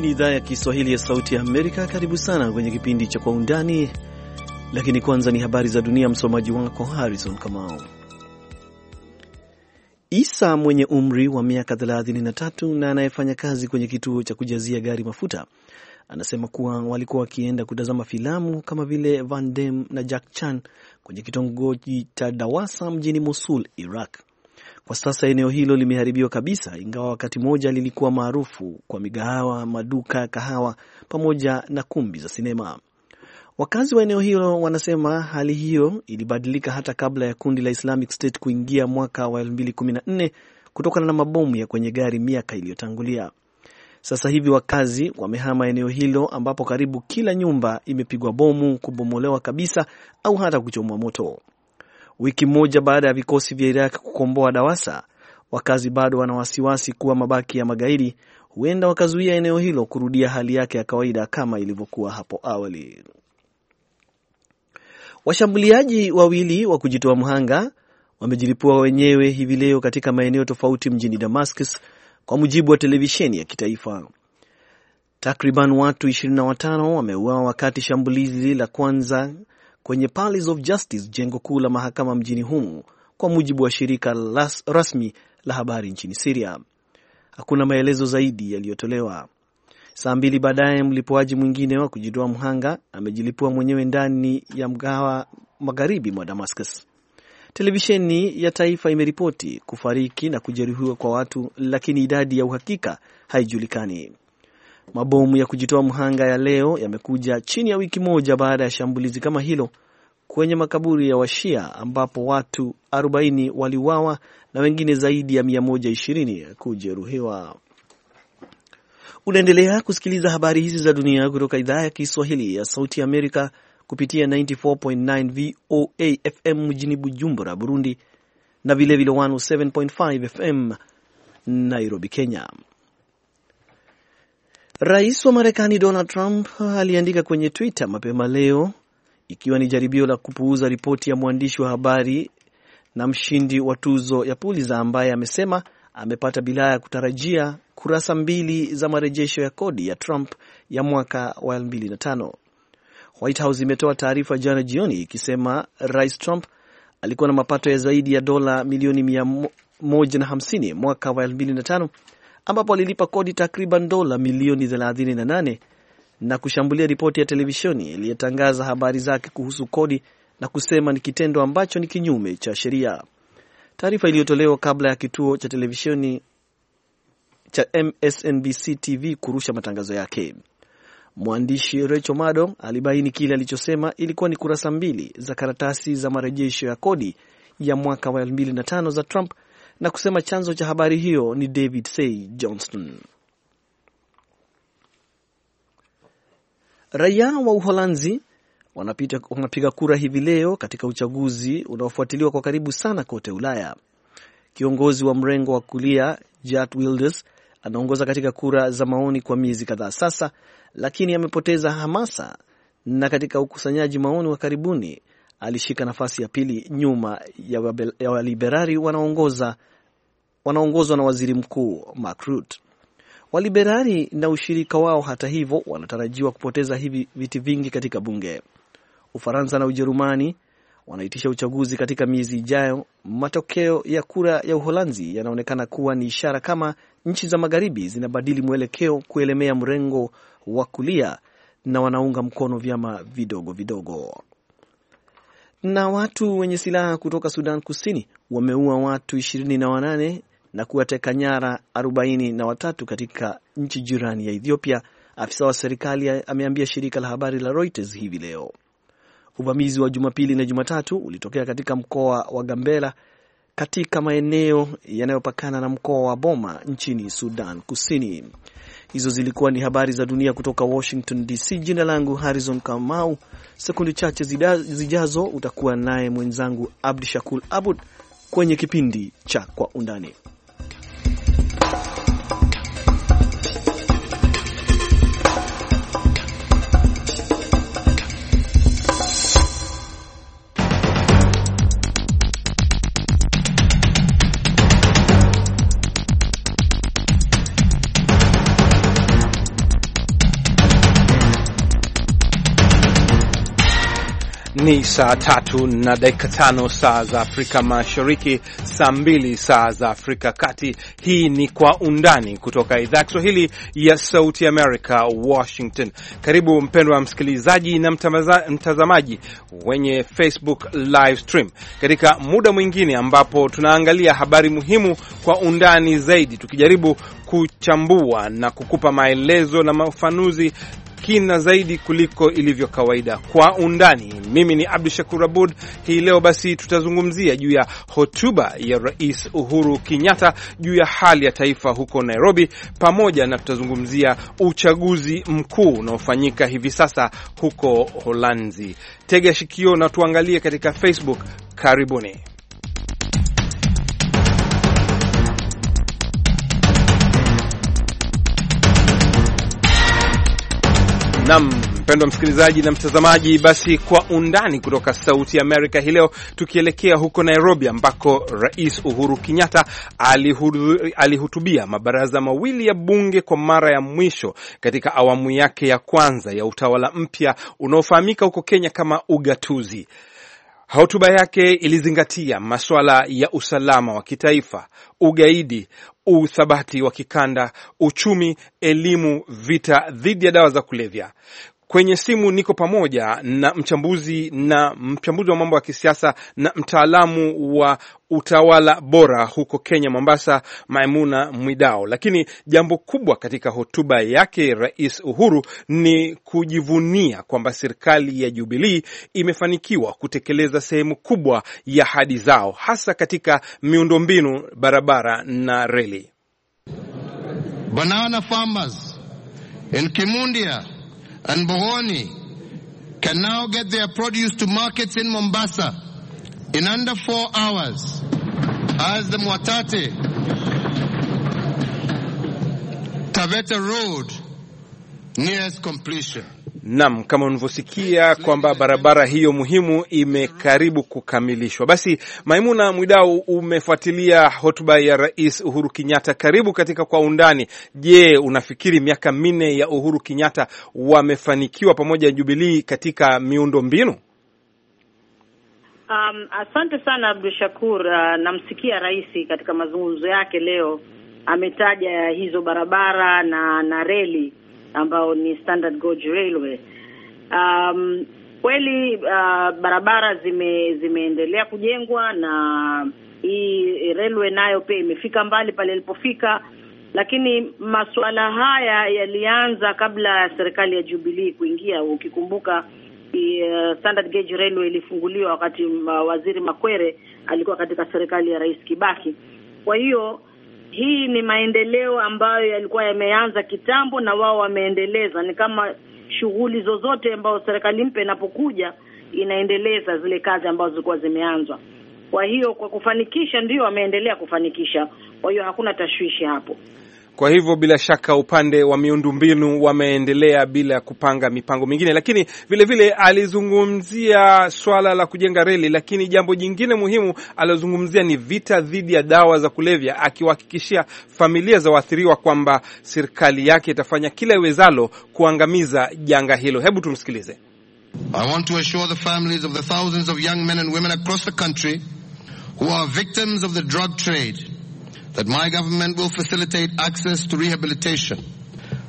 Hii ni idhaa ya Kiswahili ya Sauti ya Amerika. Karibu sana kwenye kipindi cha Kwa Undani, lakini kwanza ni habari za dunia. Msomaji wako Harrison Kamau. Isa mwenye umri wa miaka 33 na anayefanya kazi kwenye kituo cha kujazia gari mafuta anasema kuwa walikuwa wakienda kutazama filamu kama vile Van na Jack Chan kwenye kitongoji cha Dawasa mjini Mosul, Iraq. Kwa sasa eneo hilo limeharibiwa kabisa, ingawa wakati mmoja lilikuwa maarufu kwa migahawa, maduka ya kahawa pamoja na kumbi za sinema. Wakazi wa eneo hilo wanasema hali hiyo ilibadilika hata kabla ya kundi la Islamic State kuingia mwaka wa 2014 kutokana na mabomu ya kwenye gari miaka iliyotangulia. Sasa hivi wakazi wamehama eneo hilo ambapo karibu kila nyumba imepigwa bomu, kubomolewa kabisa au hata kuchomwa moto. Wiki moja baada ya vikosi vya Iraq kukomboa Dawasa, wakazi bado wana wasiwasi kuwa mabaki ya magaidi huenda wakazuia eneo hilo kurudia hali yake ya kawaida kama ilivyokuwa hapo awali. Washambuliaji wawili wa kujitoa mhanga wamejilipua wenyewe hivi leo katika maeneo tofauti mjini Damascus, kwa mujibu wa televisheni ya kitaifa. Takriban watu 25 wameuawa wakati shambulizi la kwanza kwenye Palace of Justice, jengo kuu la mahakama mjini humu, kwa mujibu wa shirika las, rasmi la habari nchini Siria. Hakuna maelezo zaidi yaliyotolewa. Saa mbili baadaye, mlipuaji mwingine wa kujitoa mhanga amejilipua mwenyewe ndani ya mgawa magharibi mwa Damascus. Televisheni ya taifa imeripoti kufariki na kujeruhiwa kwa watu, lakini idadi ya uhakika haijulikani. Mabomu ya kujitoa mhanga ya leo yamekuja chini ya wiki moja baada ya shambulizi kama hilo kwenye makaburi ya Washia ambapo watu 40 waliuawa na wengine zaidi ya 120 kujeruhiwa. Unaendelea kusikiliza habari hizi za dunia kutoka idhaa ya Kiswahili ya Sauti ya Amerika kupitia 94.9 VOA FM mjini Bujumbura, Burundi na vilevile 107.5 FM Nairobi, Kenya. Rais wa Marekani Donald Trump aliandika kwenye Twitter mapema leo ikiwa ni jaribio la kupuuza ripoti ya mwandishi wa habari na mshindi wa tuzo ya Pulitzer ambaye amesema amepata bila ya kutarajia kurasa mbili za marejesho ya kodi ya Trump ya mwaka wa 2005. White House imetoa taarifa jana jioni ikisema Rais Trump alikuwa na mapato ya zaidi ya dola milioni 150 mwaka wa 2005 ambapo alilipa kodi takriban dola milioni 38 na kushambulia ripoti ya televisheni iliyotangaza habari zake kuhusu kodi na kusema ni kitendo ambacho ni kinyume cha sheria. Taarifa iliyotolewa kabla ya kituo cha televisheni cha MSNBC TV kurusha matangazo yake. Mwandishi Rachel Maddow alibaini kile alichosema ilikuwa ni kurasa mbili za karatasi za marejesho ya kodi ya mwaka wa 2005 za Trump na kusema chanzo cha habari hiyo ni David Say Johnston. Raia wa Uholanzi wanapita, wanapiga kura hivi leo katika uchaguzi unaofuatiliwa kwa karibu sana kote Ulaya. Kiongozi wa mrengo wa kulia Geert Wilders anaongoza katika kura za maoni kwa miezi kadhaa sasa, lakini amepoteza hamasa na katika ukusanyaji maoni wa karibuni alishika nafasi ya pili nyuma ya waliberari wanaongoza wanaongozwa na waziri mkuu Mark Rutte. Waliberari na ushirika wao, hata hivyo, wanatarajiwa kupoteza hivi viti vingi katika bunge. Ufaransa na Ujerumani wanaitisha uchaguzi katika miezi ijayo. Matokeo ya kura ya Uholanzi yanaonekana kuwa ni ishara kama nchi za magharibi zinabadili mwelekeo kuelemea mrengo wa kulia na wanaunga mkono vyama vidogo vidogo. Na watu wenye silaha kutoka Sudan Kusini wameua watu 28 na wanane na kuwateka nyara na watatu katika nchi jirani ya Ethiopia, afisa wa serikali ameambia shirika la habari la Reuters hivi leo. Uvamizi wa Jumapili na Jumatatu ulitokea katika mkoa wa Gambela katika maeneo yanayopakana na mkoa wa Boma nchini Sudan Kusini. Hizo zilikuwa ni habari za dunia kutoka Washington DC. Jina langu Harrison Kamau. Sekunde chache zijazo utakuwa naye mwenzangu abdishakur Abud kwenye kipindi cha Kwa Undani. Ni saa tatu na dakika tano saa za Afrika Mashariki, saa mbili saa za Afrika Kati. Hii ni Kwa Undani kutoka idhaa ya Kiswahili ya Sauti Amerika, Washington. Karibu mpendwa msikilizaji na mtazamaji wenye Facebook live stream katika muda mwingine ambapo tunaangalia habari muhimu kwa undani zaidi, tukijaribu kuchambua na kukupa maelezo na mafanuzi kina zaidi kuliko ilivyo kawaida. Kwa undani, mimi ni Abdu Shakur Abud. Hii leo basi tutazungumzia juu ya hotuba ya Rais Uhuru Kenyatta juu ya hali ya taifa huko Nairobi, pamoja na tutazungumzia uchaguzi mkuu unaofanyika hivi sasa huko Holanzi. Tega shikio na tuangalie katika Facebook. Karibuni. Nam mpendwa msikilizaji na mtazamaji, basi kwa undani kutoka Sauti ya Amerika hii leo, tukielekea huko Nairobi ambako Rais Uhuru Kenyatta alihutubia mabaraza mawili ya bunge kwa mara ya mwisho katika awamu yake ya kwanza ya utawala mpya unaofahamika huko Kenya kama ugatuzi. Hotuba yake ilizingatia masuala ya usalama wa kitaifa, ugaidi, uthabati wa kikanda, uchumi, elimu, vita dhidi ya dawa za kulevya. Kwenye simu niko pamoja na mchambuzi na mchambuzi wa mambo ya kisiasa na mtaalamu wa utawala bora huko Kenya, Mombasa, Maimuna Mwidao. Lakini jambo kubwa katika hotuba yake Rais Uhuru ni kujivunia kwamba serikali ya Jubilii imefanikiwa kutekeleza sehemu kubwa ya ahadi zao, hasa katika miundombinu, barabara na reli. Banana farmers in Kimundia and Bohoni can now get their produce to markets in Mombasa in under four hours as the Mwatate Taveta Road nears completion. Naam, kama unavyosikia kwamba barabara hiyo muhimu imekaribu kukamilishwa. Basi Maimuna Mwidau, umefuatilia hotuba ya Rais Uhuru Kenyatta, karibu katika kwa undani. Je, unafikiri miaka minne ya Uhuru Kenyatta wamefanikiwa pamoja na Jubilii katika miundo mbinu? Um, asante sana Abdu Shakur. Uh, namsikia rais katika mazungumzo yake leo ametaja hizo barabara na na reli ambao ni Standard Gauge Railway. Um, kweli uh, barabara zime, zimeendelea kujengwa na hii railway nayo pia imefika mbali pale ilipofika, lakini masuala haya yalianza kabla ya serikali ya Jubilee kuingia. Ukikumbuka uh, Standard Gauge Railway ilifunguliwa wakati uh, Waziri Makwere alikuwa katika serikali ya Rais Kibaki. Kwa hiyo hii ni maendeleo ambayo yalikuwa yameanza kitambo na wao wameendeleza. Ni kama shughuli zozote ambazo serikali mpya inapokuja inaendeleza zile kazi ambazo zilikuwa zimeanzwa. Kwa hiyo kwa kufanikisha, ndio wameendelea kufanikisha. Kwa hiyo hakuna tashwishi hapo. Kwa hivyo bila shaka upande wa miundombinu wameendelea bila kupanga mipango mingine, lakini vilevile vile alizungumzia swala la kujenga reli. Lakini jambo jingine muhimu alizungumzia ni vita dhidi ya dawa za kulevya, akiwahakikishia familia za waathiriwa kwamba serikali yake itafanya kila iwezalo kuangamiza janga hilo. Hebu tumsikilize. I want to assure the families of the thousands of young men and women across the country who are victims of the drug trade that my government will facilitate access to rehabilitation.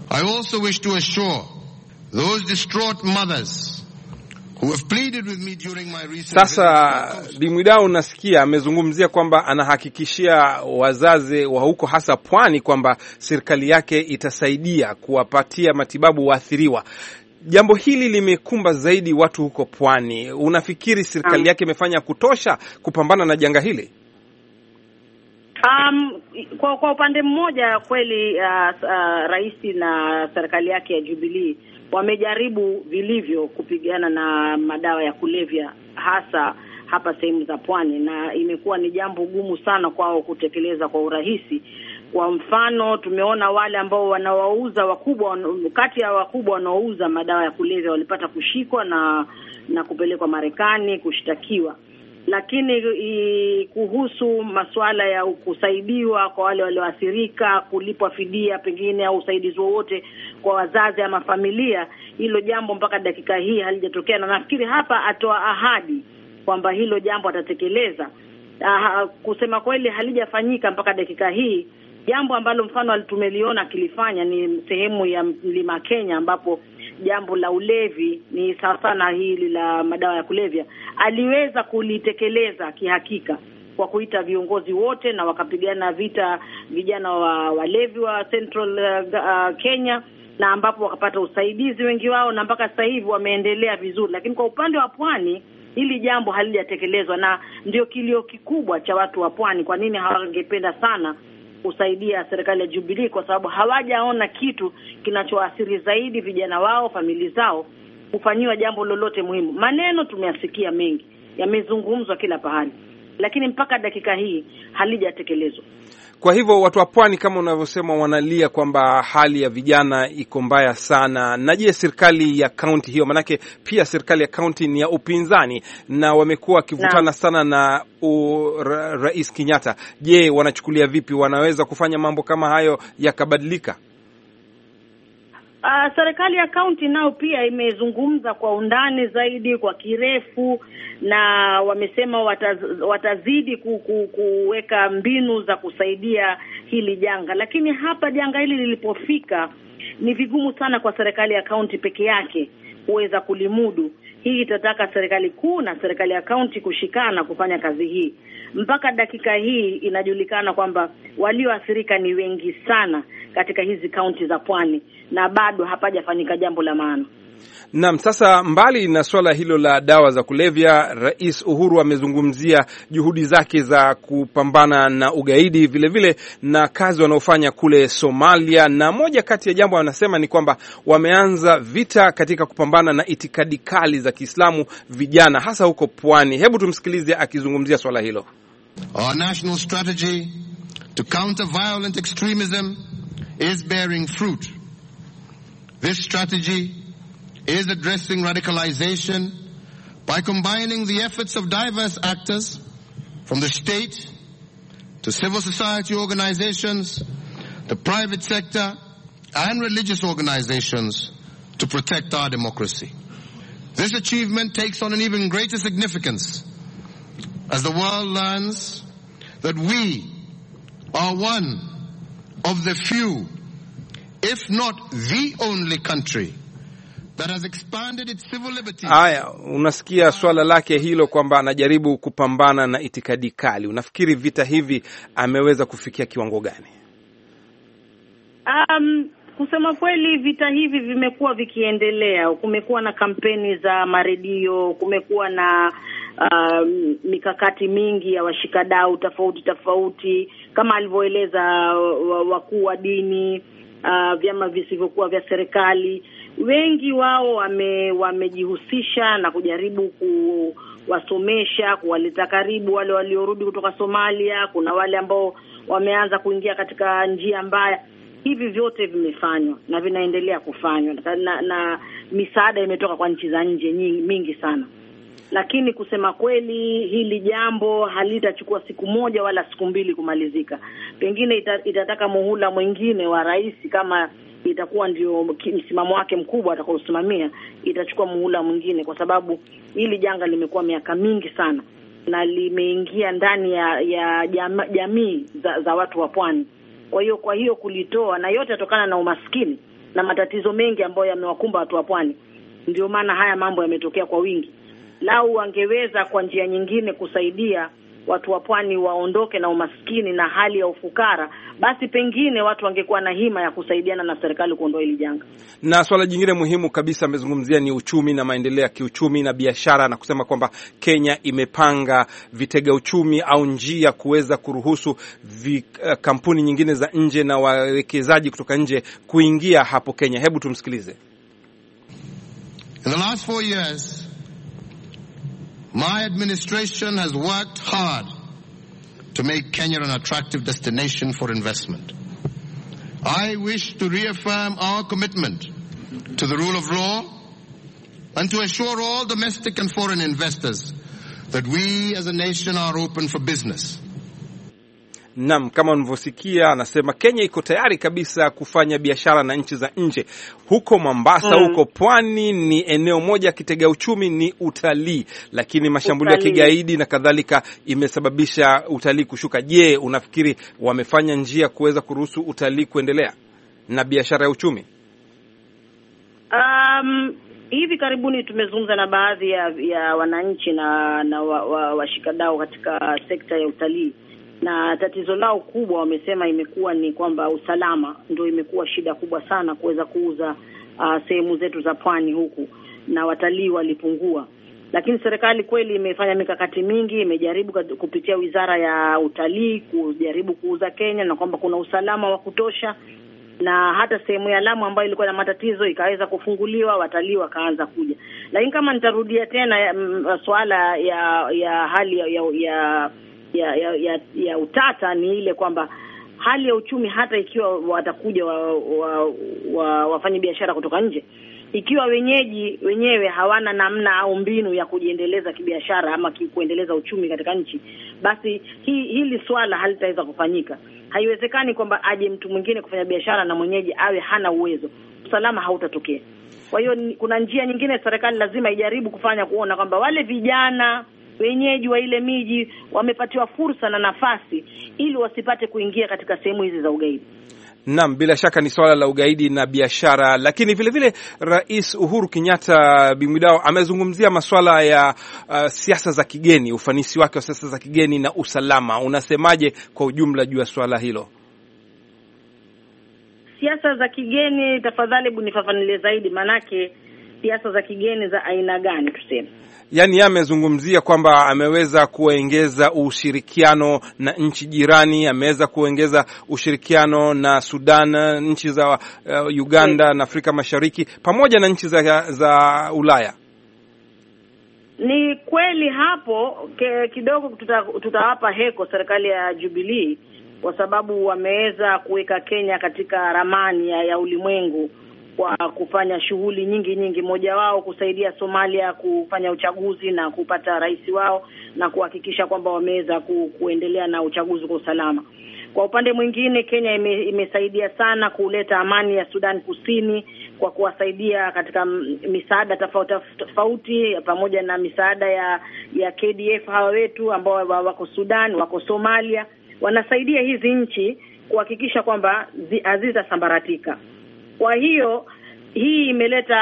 I also wish to assure those distraught mothers who have pleaded with me during my recent Sasa Bimwidau nasikia amezungumzia kwamba anahakikishia wazazi wa huko hasa pwani kwamba serikali yake itasaidia kuwapatia matibabu waathiriwa. Jambo hili limekumba zaidi watu huko pwani. Unafikiri serikali yake imefanya kutosha kupambana na janga hili? Um, kwa kwa upande mmoja kweli, uh, uh, rais na serikali yake ya Jubilee wamejaribu vilivyo kupigana na madawa ya kulevya hasa hapa sehemu za pwani, na imekuwa ni jambo gumu sana kwao kutekeleza kwa urahisi. Kwa mfano, tumeona wale ambao wanawauza wakubwa, kati ya wakubwa wanaouza madawa ya kulevya walipata kushikwa na na kupelekwa Marekani kushtakiwa lakini i, kuhusu masuala ya kusaidiwa kwa wale walioathirika, kulipwa fidia pengine au usaidizi wowote kwa wazazi ama familia, hilo jambo mpaka dakika hii halijatokea, na nafikiri hapa atoa ahadi kwamba hilo jambo atatekeleza. Aha, kusema kweli halijafanyika mpaka dakika hii. Jambo ambalo mfano tumeliona akilifanya ni sehemu ya Mlima Kenya ambapo jambo la ulevi ni sawa sana hili la madawa ya kulevya, aliweza kulitekeleza kihakika kwa kuita viongozi wote na wakapigana vita vijana wa walevi wa Central uh, uh, Kenya na ambapo wakapata usaidizi wengi wao, na mpaka sasa hivi wameendelea vizuri, lakini kwa upande wa pwani hili jambo halijatekelezwa, na ndio kilio kikubwa cha watu wa pwani. Kwa nini hawangependa sana kusaidia serikali ya Jubilee kwa sababu hawajaona kitu kinachoathiri zaidi vijana wao, famili zao kufanyiwa jambo lolote muhimu. Maneno tumeyasikia mengi, yamezungumzwa kila pahali, lakini mpaka dakika hii halijatekelezwa. Kwa hivyo watu wa pwani kama unavyosema, wanalia kwamba hali ya vijana iko mbaya sana. Na je, serikali ya kaunti hiyo, manake pia serikali ya kaunti ni ya upinzani na wamekuwa wakivutana sana na u, ra, Rais Kenyatta. Je, wanachukulia vipi? Wanaweza kufanya mambo kama hayo yakabadilika? Uh, serikali ya kaunti nao pia imezungumza kwa undani zaidi kwa kirefu, na wamesema wataz, watazidi ku, ku, kuweka mbinu za kusaidia hili janga, lakini hapa janga hili lilipofika, ni vigumu sana kwa serikali ya kaunti peke yake kuweza kulimudu hii itataka serikali kuu na serikali ya kaunti kushikana kufanya kazi hii. Mpaka dakika hii inajulikana kwamba walioathirika ni wengi sana katika hizi kaunti za pwani, na bado hapajafanyika jambo la maana. Naam, sasa mbali na swala hilo la dawa za kulevya, Rais Uhuru amezungumzia juhudi zake za kupambana na ugaidi vilevile vile, na kazi wanaofanya kule Somalia, na moja kati ya jambo wanasema ni kwamba wameanza vita katika kupambana na itikadi kali za Kiislamu vijana, hasa huko pwani. Hebu tumsikilize akizungumzia swala hilo. Our national strategy to counter violent extremism is bearing fruit. This strategy is addressing radicalization by combining the efforts of diverse actors from the state to civil society organizations, the private sector, and religious organizations to protect our democracy. This achievement takes on an even greater significance as the world learns that we are one of the few, if not the only country, Haya, unasikia swala lake hilo kwamba anajaribu kupambana na itikadi kali. Unafikiri vita hivi ameweza kufikia kiwango gani? Um, kusema kweli vita hivi vimekuwa vikiendelea. Kumekuwa na kampeni za maredio, kumekuwa na Uh, mikakati mingi ya washikadau tofauti tofauti kama alivyoeleza wakuu wa dini, uh, vyama visivyokuwa vya serikali wengi wao wame, wamejihusisha na kujaribu kuwasomesha, kuwaleta karibu wale waliorudi kutoka Somalia. Kuna wale ambao wameanza kuingia katika njia mbaya. Hivi vyote vimefanywa na vinaendelea kufanywa na, na misaada imetoka kwa nchi za nje mingi sana, lakini kusema kweli, hili jambo halitachukua siku moja wala siku mbili kumalizika. Pengine itataka muhula mwingine wa rais kama itakuwa ndio msimamo wake mkubwa atakaosimamia, itachukua muhula mwingine, kwa sababu hili janga limekuwa miaka mingi sana na limeingia ndani ya, ya jam, jamii za, za watu wa pwani. Kwa hiyo kwa hiyo kulitoa na yote yatokana na umaskini na matatizo mengi ambayo yamewakumba watu wa pwani, ndio maana haya mambo yametokea kwa wingi. Lau wangeweza kwa njia nyingine kusaidia watu wa pwani waondoke na umaskini na hali ya ufukara, basi pengine watu wangekuwa na hima ya kusaidiana na serikali kuondoa hili janga. Na swala jingine muhimu kabisa amezungumzia ni uchumi na maendeleo ya kiuchumi na biashara, na kusema kwamba Kenya imepanga vitega uchumi au njia kuweza kuruhusu vi, uh, kampuni nyingine za nje na wawekezaji kutoka nje kuingia hapo Kenya. Hebu tumsikilize. In the last four years, My administration has worked hard to make Kenya an attractive destination for investment. I wish to reaffirm our commitment to the rule of law and to assure all domestic and foreign investors that we as a nation are open for business. Naam, kama unavyosikia anasema Kenya iko tayari kabisa kufanya biashara na nchi za nje. Huko Mombasa, mm, huko pwani ni eneo moja kitega uchumi ni utalii, lakini mashambulio ya kigaidi na kadhalika imesababisha utalii kushuka. Je, unafikiri wamefanya njia kuweza kuruhusu utalii kuendelea na biashara ya uchumi? Um, hivi karibuni tumezungumza na baadhi ya, ya wananchi na na washikadau wa, wa katika sekta ya utalii na tatizo lao kubwa wamesema imekuwa ni kwamba usalama ndio imekuwa shida kubwa sana kuweza kuuza uh, sehemu zetu za pwani huku, na watalii walipungua. Lakini serikali kweli imefanya mikakati mingi, imejaribu kupitia wizara ya utalii kujaribu kuuza Kenya na kwamba kuna usalama wa kutosha, na hata sehemu ya Lamu ambayo ilikuwa na matatizo ikaweza kufunguliwa, watalii wakaanza kuja. Lakini kama nitarudia tena mm, suala ya ya hali ya, ya ya, ya, ya, ya utata ni ile kwamba hali ya uchumi hata ikiwa watakuja wa, wa, wa, wafanye biashara kutoka nje, ikiwa wenyeji wenyewe hawana namna au mbinu ya kujiendeleza kibiashara ama kuendeleza uchumi katika nchi, basi hi, hili swala halitaweza kufanyika. Haiwezekani kwamba aje mtu mwingine kufanya biashara na mwenyeji awe hana uwezo, usalama hautatokea. Kwa hiyo kuna njia nyingine serikali lazima ijaribu kufanya kuona kwamba wale vijana wenyeji wa ile miji wamepatiwa fursa na nafasi ili wasipate kuingia katika sehemu hizi za ugaidi. Naam, bila shaka ni swala la ugaidi na biashara, lakini vile vile Rais Uhuru Kenyatta Bimwidao amezungumzia masuala ya uh, siasa za kigeni, ufanisi wake wa siasa za kigeni na usalama. Unasemaje kwa ujumla juu ya swala hilo? Siasa za kigeni, tafadhali, bunifafanilie zaidi, maanake siasa za kigeni za aina gani tuseme? yani yeye amezungumzia kwamba ameweza kuongeza ushirikiano na nchi jirani, ameweza kuongeza ushirikiano na Sudan, nchi za uh, Uganda na Afrika Mashariki pamoja na nchi za, za Ulaya. Ni kweli hapo ke, kidogo tutawapa tuta heko serikali ya Jubilee kwa sababu wameweza kuweka Kenya katika ramani ya, ya ulimwengu kwa kufanya shughuli nyingi nyingi, moja wao kusaidia Somalia kufanya uchaguzi na kupata rais wao na kuhakikisha kwamba wameweza ku, kuendelea na uchaguzi kwa usalama. Kwa upande mwingine, Kenya ime, imesaidia sana kuleta amani ya Sudan Kusini kwa kuwasaidia katika misaada tofauti tofauti, pamoja na misaada ya ya KDF hawa wetu ambao wako Sudan, wako Somalia, wanasaidia hizi nchi kuhakikisha kwamba hazitasambaratika sambaratika. Kwa hiyo hii imeleta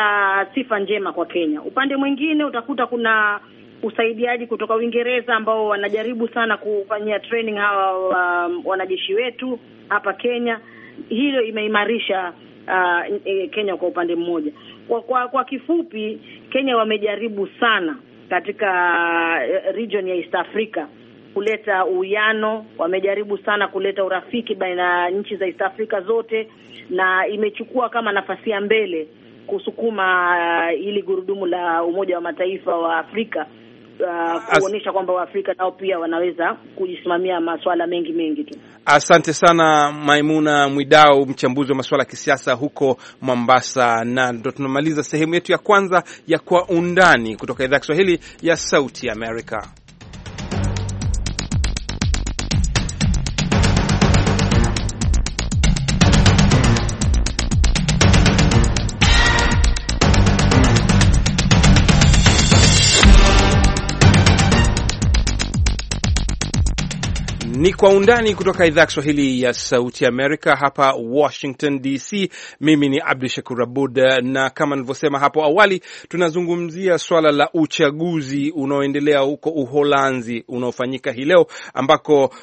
sifa njema kwa Kenya. Upande mwingine utakuta kuna usaidiaji kutoka Uingereza ambao wanajaribu sana kufanyia training hawa um, wanajeshi wetu hapa Kenya. Hilo imeimarisha uh, eh, Kenya kwa upande mmoja. Kwa, kwa, kwa kifupi Kenya wamejaribu sana katika uh, region ya East Africa kuleta uwiano, wamejaribu sana kuleta urafiki baina ya nchi za East Africa zote, na imechukua kama nafasi ya mbele kusukuma uh, ili gurudumu la Umoja wa Mataifa wa Afrika Uh, kuonyesha kwamba Waafrika nao pia wanaweza kujisimamia masuala mengi mengi tu. Asante sana Maimuna Mwidau, mchambuzi wa masuala ya kisiasa huko Mombasa, na ndo tunamaliza sehemu yetu ya kwanza ya Kwa Undani kutoka idhaa ya Kiswahili ya Sauti Amerika. Ni kwa undani kutoka idhaa ya Kiswahili ya Sauti Amerika hapa Washington DC. Mimi ni Abdu Shakur Abud, na kama nilivyosema hapo awali, tunazungumzia swala la uchaguzi unaoendelea huko Uholanzi unaofanyika hii leo, ambako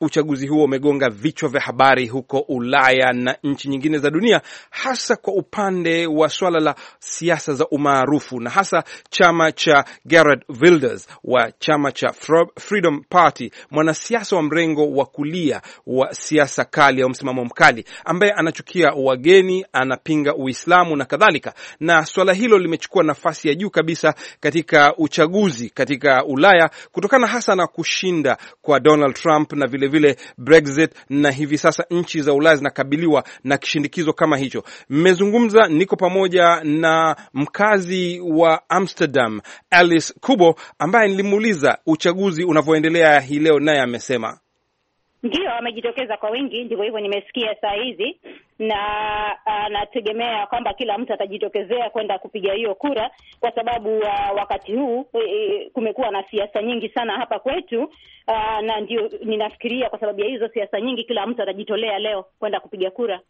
uchaguzi huo umegonga vichwa vya habari huko Ulaya na nchi nyingine za dunia, hasa kwa upande wa swala la siasa za umaarufu, na hasa chama cha Geert Wilders wa chama cha Freedom Party, mwanasiasa wa mrengo wa kulia wa siasa kali au msimamo mkali, ambaye anachukia wageni, anapinga Uislamu na kadhalika. Na swala hilo limechukua nafasi ya juu kabisa katika uchaguzi katika Ulaya kutokana hasa na kushinda kwa Donald Trump na vile vilevile Brexit, na hivi sasa nchi za Ulaya zinakabiliwa na kishindikizo kama hicho. Mmezungumza, niko pamoja na mkazi wa Amsterdam Alice Kubo ambaye nilimuuliza uchaguzi unavyoendelea hii leo, naye amesema ndio amejitokeza kwa wingi, ndivyo hivyo nimesikia saa hizi na anategemea ah, ya kwamba kila mtu atajitokezea kwenda kupiga hiyo kura, kwa sababu uh, wakati huu e, kumekuwa na siasa nyingi sana hapa kwetu uh, na ndio ninafikiria kwa sababu ya hizo siasa nyingi, kila mtu atajitolea leo kwenda kupiga kura.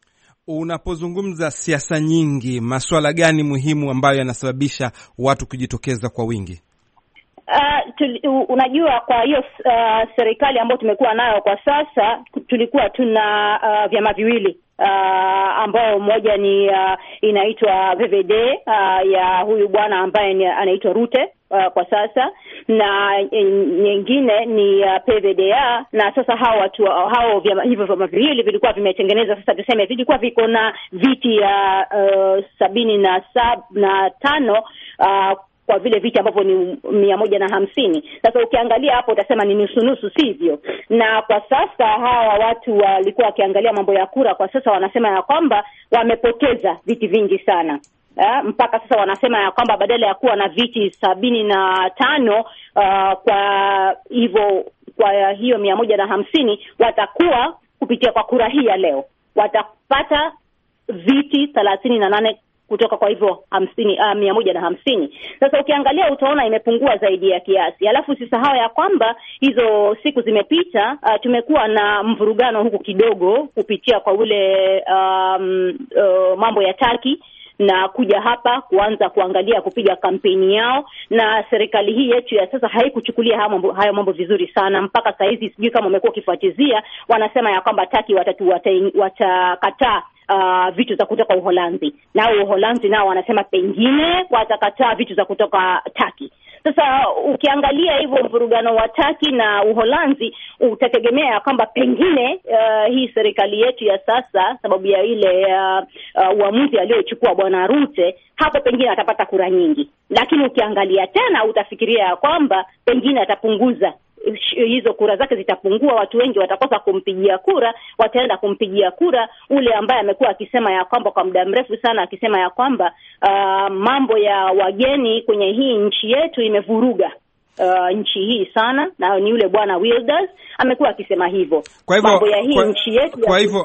Unapozungumza siasa nyingi, masuala gani muhimu ambayo yanasababisha watu kujitokeza kwa wingi? Uh, tuli, unajua kwa hiyo uh, serikali ambayo tumekuwa nayo kwa sasa tulikuwa tuna uh, vyama viwili uh, ambao moja ni uh, inaitwa VVD uh, ya huyu bwana ambaye anaitwa Rute uh, kwa sasa na eh, nyingine ni uh, PVDA na sasa hao watu hao hivyo vyama viwili vilikuwa vimetengeneza sasa, tuseme vilikuwa viko na viti ya uh, sabini na sab, na tano uh, kwa vile viti ambavyo ni mia moja na hamsini. Sasa ukiangalia hapo utasema ni nusu nusu, sivyo? Na kwa sasa hawa watu walikuwa wakiangalia mambo ya kura, kwa sasa wanasema ya kwamba wamepoteza viti vingi sana. Uh, mpaka sasa wanasema ya kwamba badala ya kuwa na viti sabini na tano uh, kwa hivyo kwa hiyo mia moja na hamsini watakuwa kupitia kwa kura hii ya leo watapata viti thelathini na nane kutoka kwa hivyo hamsini uh, mia moja na hamsini. Sasa ukiangalia utaona imepungua zaidi ya kiasi, alafu usisahau ya kwamba hizo siku zimepita, uh, tumekuwa na mvurugano huku kidogo kupitia kwa ule um, uh, mambo ya taki na kuja hapa kuanza kuangalia kupiga kampeni yao, na serikali hii yetu ya sasa haikuchukulia hayo mambo, hayo mambo vizuri sana. Mpaka sahizi sijui kama umekuwa ukifuatizia, wanasema ya kwamba taki watatu watakataa wata uh, vitu za kutoka Uholanzi, nao Uholanzi nao wanasema pengine watakataa vitu za kutoka Taki. Sasa ukiangalia hivyo mvurugano wa Taki na Uholanzi, utategemea kwamba pengine uh, hii serikali yetu ya sasa, sababu ya ile uamuzi uh, uh, aliyochukua bwana Rute, hapo pengine atapata kura nyingi, lakini ukiangalia tena utafikiria ya kwamba pengine atapunguza hizo kura zake zitapungua, watu wengi watakosa kumpigia kura, wataenda kumpigia kura ule ambaye amekuwa akisema ya kwamba kwa muda mrefu sana akisema ya kwamba uh, mambo ya wageni kwenye hii nchi yetu imevuruga Uh, nchi hii sana na ni yule bwana Wilders amekuwa akisema hivyo. Kwa hivyo mambo ya hii nchi yetu kwa hivyo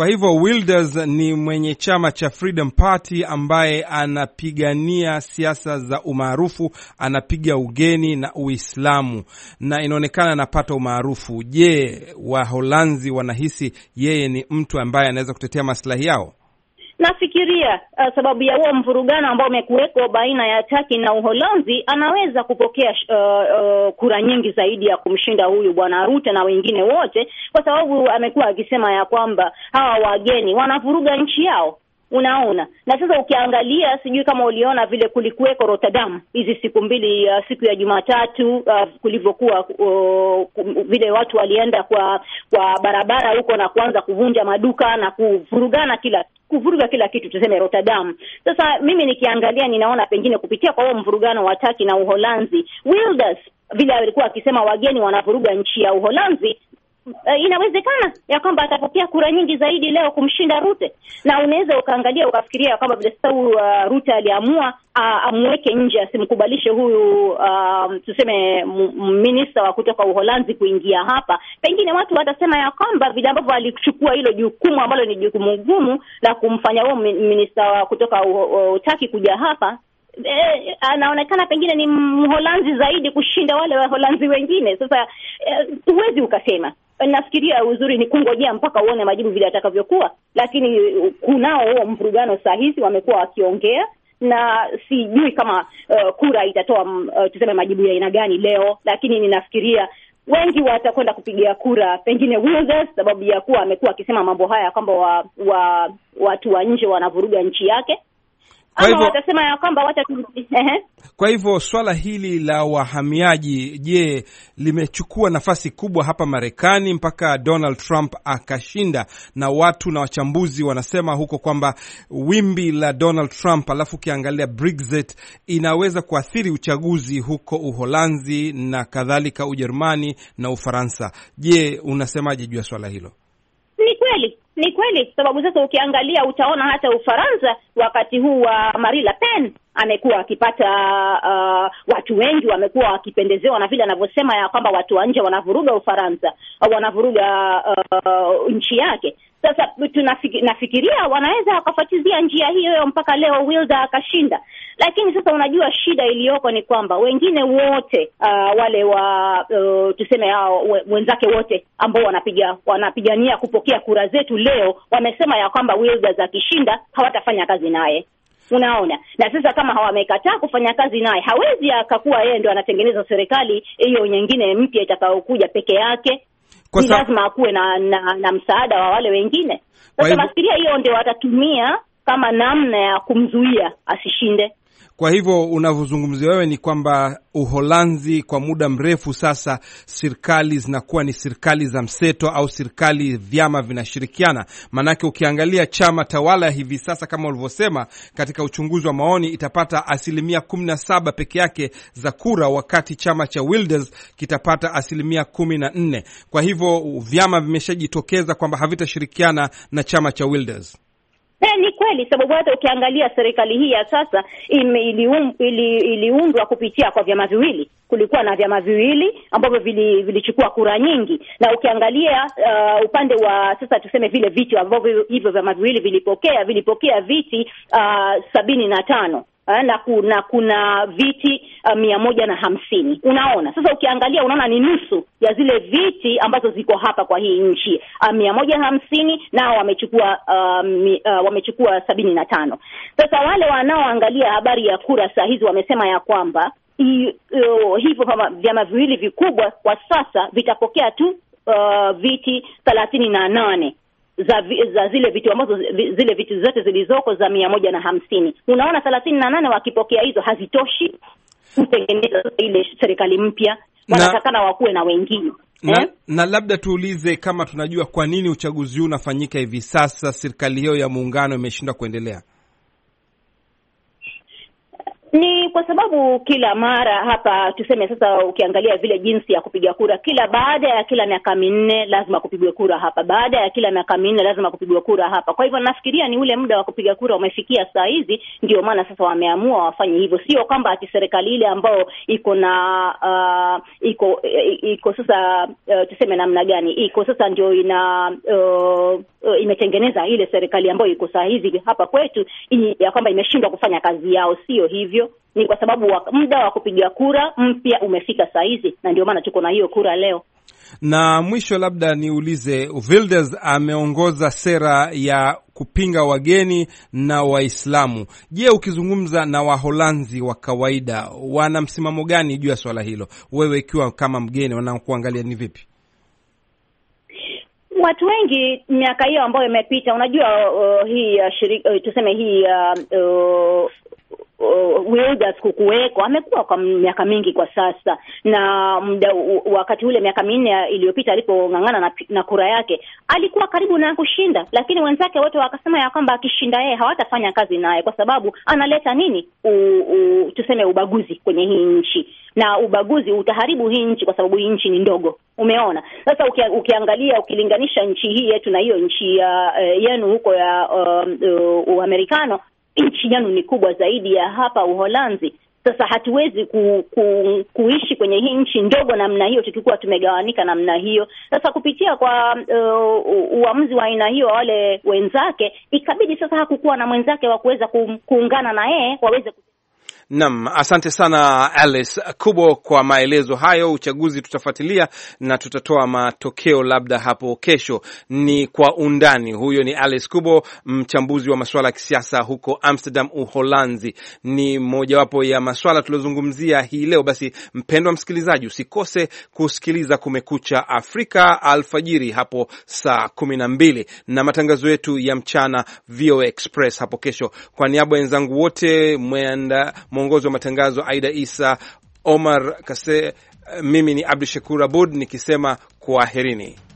kwa hivyo Wilders ni mwenye chama cha Freedom Party ambaye anapigania siasa za umaarufu, anapiga ugeni na Uislamu na inaonekana anapata umaarufu. Je, Waholanzi wanahisi yeye ni mtu ambaye anaweza kutetea maslahi yao? nafikiria uh, sababu ya huo mvurugano ambao umekuweko baina ya taki na Uholanzi, anaweza kupokea uh, uh, kura nyingi zaidi ya kumshinda huyu bwana rute na wengine wote, kwa sababu amekuwa akisema ya kwamba hawa wageni wanavuruga nchi yao unaona. Na sasa ukiangalia, sijui kama uliona vile kulikuweko Rotterdam hizi siku mbili, uh, siku ya Jumatatu uh, kulivyokuwa uh, vile watu walienda kwa kwa barabara huko na kuanza kuvunja maduka na kuvurugana kila kuvuruga kila kitu, tuseme Rotterdam. Sasa mimi nikiangalia, ninaona pengine kupitia kwa huo mvurugano wa Turkey na Uholanzi, Wilders vile alikuwa akisema wageni wanavuruga nchi ya Uholanzi, Uh, inawezekana ya kwamba atapokea kura nyingi zaidi leo kumshinda Rute, na unaweza ukaangalia ukafikiria kwamba vile sasa huyu uh, eh, Rute aliamua uh, amweke nje, asimkubalishe huyu uh, tuseme minista wa kutoka Uholanzi kuingia hapa, pengine watu watasema ya kwamba vile ambavyo alichukua hilo jukumu ambalo ni jukumu gumu la kumfanya huo minista wa kutoka Utaki kuja hapa, eh, anaonekana pengine ni Mholanzi zaidi kushinda wale Waholanzi wengine. Sasa eh, huwezi eh, ukasema nafikiria uzuri ni kungojea mpaka uone majibu vile atakavyokuwa, lakini uh, kunao huo mvurugano saa hizi, wamekuwa wakiongea na sijui kama uh, kura itatoa mm, uh, tuseme majibu ya aina gani leo, lakini ninafikiria wengi watakwenda kupiga kura pengine Wilders, sababu ya kuwa amekuwa akisema mambo haya kwamba wa, wa, watu wa nje wanavuruga nchi yake kwa hivyo watasema ya kwamba wacha tu. Kwa hivyo swala hili la wahamiaji, je, limechukua nafasi kubwa hapa Marekani mpaka Donald Trump akashinda, na watu na wachambuzi wanasema huko kwamba wimbi la Donald Trump, alafu ukiangalia Brexit inaweza kuathiri uchaguzi huko Uholanzi na kadhalika, Ujerumani na Ufaransa. Je, unasemaje juu ya swala hilo? Ni kweli, ni kweli, sababu sasa ukiangalia utaona hata Ufaransa wakati huu wa Marie Le Pen amekuwa akipata uh, watu wengi wamekuwa wakipendezewa na vile anavyosema ya kwamba watu wa nje wanavuruga Ufaransa au wanavuruga uh, nchi yake. Sasa tunafikiria wanaweza wakafuatilia njia hiyo mpaka leo Wilda akashinda, lakini sasa unajua shida iliyoko ni kwamba wengine wote uh, wale wa uh, tuseme hao wenzake wote ambao wanapiga wanapigania kupokea kura zetu leo wamesema ya kwamba Wilda akishinda hawatafanya kazi naye Unaona, na sasa kama hawamekataa kufanya kazi naye, hawezi akakuwa yeye ndo anatengeneza serikali hiyo nyingine mpya itakayokuja peke yake. Ni lazima akuwe na, na na msaada wa wale wengine. Sasa nafikiria hiyo ndio watatumia kama namna ya kumzuia asishinde. Kwa hivyo unavyozungumzia wewe ni kwamba Uholanzi kwa muda mrefu sasa, serikali zinakuwa ni serikali za mseto au serikali vyama vinashirikiana. Maanake ukiangalia chama tawala hivi sasa, kama ulivyosema, katika uchunguzi wa maoni itapata asilimia kumi na saba peke yake za kura, wakati chama cha Wilders kitapata asilimia kumi na nne. Kwa hivyo vyama vimeshajitokeza kwamba havitashirikiana na chama cha Wilders. Eh, ni kweli sababu hata ukiangalia serikali hii ya sasa iliundwa ili, ili kupitia kwa vyama viwili. Kulikuwa na vyama viwili ambavyo vilichukua vili kura nyingi, na ukiangalia uh, upande wa sasa tuseme vile viti ambavyo hivyo vyama viwili vilipokea vilipokea viti uh, sabini na tano Eh, na kuna kuna viti uh, mia moja na hamsini. Unaona sasa, ukiangalia unaona ni nusu ya zile viti ambazo ziko hapa kwa hii nchi uh, mia moja na hamsini, nao wamechukua uh, mi, uh, wamechukua sabini na tano. Sasa wale wanaoangalia habari ya kura saa hizi wamesema ya kwamba hivyo vyama viwili vikubwa kwa sasa vitapokea tu uh, viti thelathini na nane za, za zile vitu ambazo zile vitu zote zilizoko za mia moja na hamsini unaona thelathini na nane wakipokea hizo hazitoshi kutengeneza ile serikali mpya, wanatakana wakuwe na wengine na, eh? Na labda tuulize kama tunajua kwa nini uchaguzi huu unafanyika hivi sasa, serikali hiyo ya muungano imeshindwa kuendelea ni kwa sababu kila mara hapa, tuseme sasa, ukiangalia vile jinsi ya kupiga kura, kila baada ya kila miaka minne lazima kupigwe kura hapa, baada ya kila miaka minne lazima kupigwe kura hapa. Kwa hivyo nafikiria ni ule muda wa kupiga kura umefikia saa hizi, ndio maana sasa wameamua wafanye hivyo. Sio kwamba ati serikali ile ambayo iko na uh, iko iko sasa uh, tuseme namna gani iko sasa ndio ina uh, uh, imetengeneza ile serikali ambayo iko saa hizi hapa kwetu, ya kwamba imeshindwa kufanya kazi yao, sio hivyo hivyo ni kwa sababu muda wa kupiga kura mpya umefika saa hizi, na ndio maana tuko na hiyo kura leo. Na mwisho labda niulize, Wilders ameongoza sera ya kupinga wageni na Waislamu. Je, ukizungumza na Waholanzi wa kawaida wana msimamo gani juu ya swala hilo? Wewe ikiwa kama mgeni, wanakuangalia ni vipi? Watu wengi miaka hiyo ambayo imepita, unajua uh, hii uh, shirika, uh, tuseme hii uh, uh, uh, Wilders kukuweko amekuwa kwa miaka mingi kwa sasa, na mda wakati ule miaka minne iliyopita alipong'ang'ana na, na kura yake alikuwa karibu na kushinda, lakini wenzake wote wakasema ya kwamba akishinda yeye hawatafanya kazi naye kwa sababu analeta nini u, u, tuseme ubaguzi kwenye hii nchi, na ubaguzi utaharibu hii nchi kwa sababu hii nchi ni ndogo. Umeona sasa, uki, ukiangalia ukilinganisha nchi hii yetu na hiyo nchi ya uh, yenu huko ya uh, um, uh, Uamerikano nchi yanu ni kubwa zaidi ya hapa Uholanzi. Sasa hatuwezi ku, ku, kuishi kwenye hii nchi ndogo namna hiyo tukikuwa tumegawanika namna hiyo. Sasa kupitia kwa uh, wa aina hiyo wa wale wenzake, ikabidi sasa hakukuwa na mwenzake wa kuweza kuungana na yeye waweze Nam, asante sana Alice Kubo kwa maelezo hayo. Uchaguzi tutafuatilia na tutatoa matokeo labda hapo kesho. Ni kwa undani. Huyo ni Alice Kubo, mchambuzi wa masuala ya kisiasa huko Amsterdam, Uholanzi. Ni mojawapo ya maswala tuliozungumzia hii leo. Basi mpendwa msikilizaji, usikose kusikiliza Kumekucha Afrika alfajiri hapo saa kumi na mbili na matangazo yetu ya mchana VOA Express hapo kesho. Kwa niaba ya wenzangu wote mwenda mwongozi wa matangazo Aida Isa Omar Kase. Mimi ni Abdu Shakur Abud nikisema kwaherini.